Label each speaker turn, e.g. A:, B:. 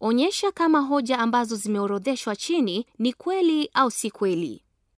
A: Onyesha kama hoja ambazo zimeorodheshwa chini ni kweli au si kweli.